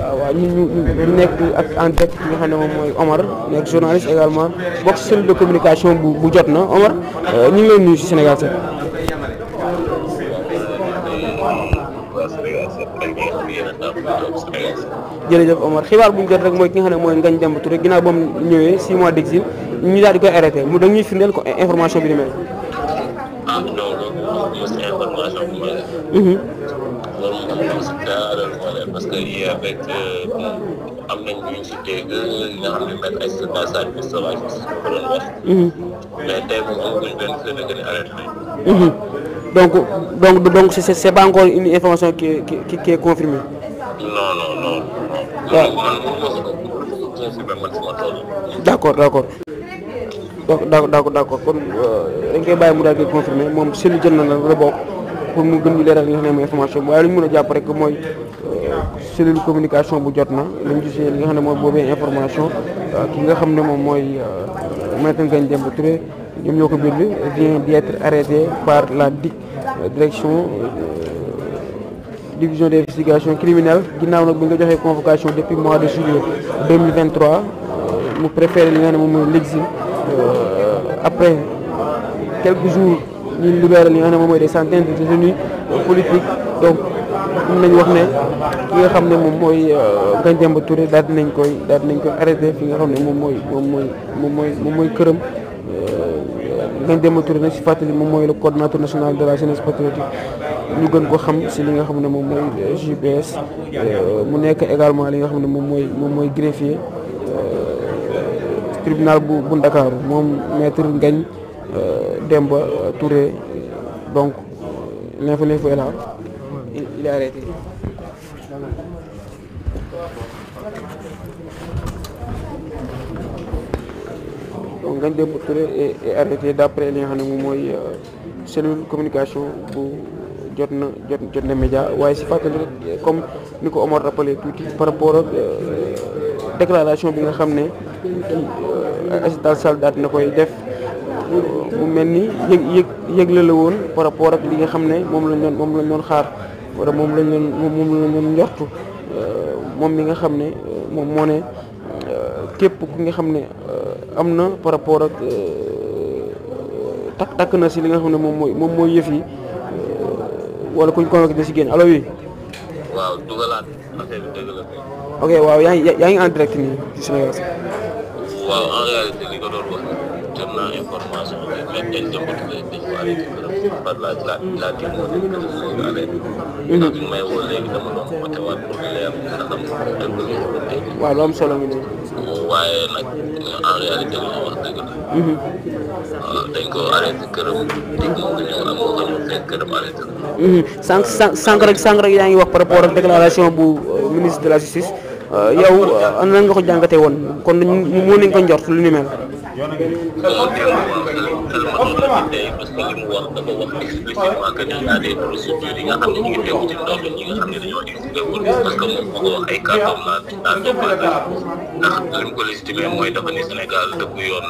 Ah, waaw ñu ñu nekk ak en tête ki xam ne moom mooy Omar nekk journaliste également bokk ci de communication bu bu jot na Omar euh, ñu ngi lay nuyu ci Sénégal 7. jërëjëf Omar xibaar bu jot rek mooy ki nga xam ne mooy Ngagne Demba Touré ginnaaw ba mu ñëwee 6 mois d'exil ñu daal di koy arrêté mu dañuy firndeel ko information bi ni mel. ah non loolu résultat euh, loolu moo leen ko doon wax mhm. mais tey moom mhm. c'est pas encore une information qui est, qui, ah. d'accord d'accord d'accord d'accord kon euh, dañ koy bàyyi mu daal di confirmer moom seenu jël na la bon pour mu gën ñu leeral li nga xam ne mooy information bi waaye lu ñu a jàpp rek mooy euh, cellule communication bu jot na lañ gisee li nga xam ne mooy boobee information euh, ki nga xam ne moom mooy euh, Maître dem Demba Touré ñoom ñoo ko bind vient d'être arrêté par la DIC direction division d'investigation criminelle ginnaaw nag bi nga joxee convocation depuis mois de juillet 2023 mu préféré li nga xam ne moom mooy l'exil après quelques jours ñu libéré li nga xam ne moom mooy des centaines de détenus politiques donc mën nañu wax ne ki nga xam ne moom mooy Ngagne euh, Demba Touré daal nañ koy daal dinañ koy arrêté fi nga xam ne moom mooy moom mooy moom mooy moom mooy këram. Ngagne euh, Demba Touré nag si fàttali moom mooy le coordonnateur national de la jeunesse patriotique ñu gën ko xam si li nga xam ne moom mooy JPS euh, mu nekk également li nga xam ne moom mooy moom mooy greffier tribunal bu bu Ndakaaru moom maître Ngagne. Euh, Demba euh, Touré donc euh, l'info l'info est là il est arrêté. donc Ngagne xam ne moom mooy cellule communication bu jot na jot jot na média waaye si fàttali rek comme ni ko Omar rappelé tuuti par rapport ak bi nga xam ne kii Aïssata Tall Sall na koy def. mu mel ni yëg yëg yëgle la woon par rapport ak li nga xam ne moom lañ doon moom lañ doon xaar wala moom lañ doon moom lañ doon njortu euh, moom li nga xam ne euh, moom moo ne euh, képp ku nga xam ne am na par rapport ak takk takk na si li nga xam ne moom mooy moom mooy yëf yi wala kuñ convoqué si génn allo oui. waaw ok waaw yaa ngi yaa en direct nii ci Sénégal. waaw en na information bi même en jambatu la mhm. waaw lu solo ngi nii waaye nag en réalité li ma wax dëgg la mhm. mhm. rek yaa ngi wax par rapport ak déclaration bu euh, ministre de la justice euh, yow ah, euh, nan nga ko jàngatee woon kon mën nañ ko njort lu ni mel moom tey parce que li mu wax dafa wax explicitement que ni y a des procédures yi nga xam ne ñu ngi tegu ci ndox ñi nga xam ne dañoo expliqué woon parce que moom ay kàddoom laa laa mooy dafa ni Sénégal dëkku yoon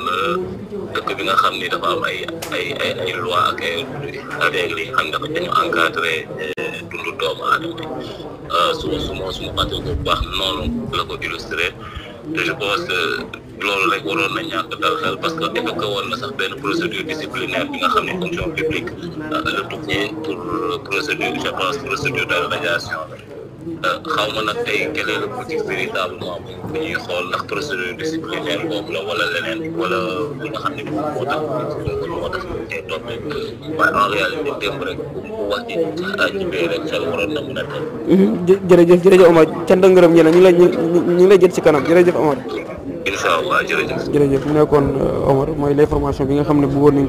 dëkk bi xam ay loi ak ay règles yi ne dafa dañu encadré eh, dundu doomu aadama euh, suma suma suma fàttali ko bu baax noonu la ko illustré te je pense loolu rek waroon na ñàkk dal xel parce que évoqué woon na sax benn procédure disciplinaire bi nga xam ne fonction publique euh, la tukkee pour euh, procédure je procédure de radiation xaw ma nag tey kelee la motif véritablement moom bu ñuy xool ndax procédure disciplinaire boobu wala leneen wala li nga xam ne en réalité démb rek bu wax ji mhm. ci kanam jërëjëf Omar. incha allah nekkoon euh, mooy l'information bi nga xam ne bëggoon nañ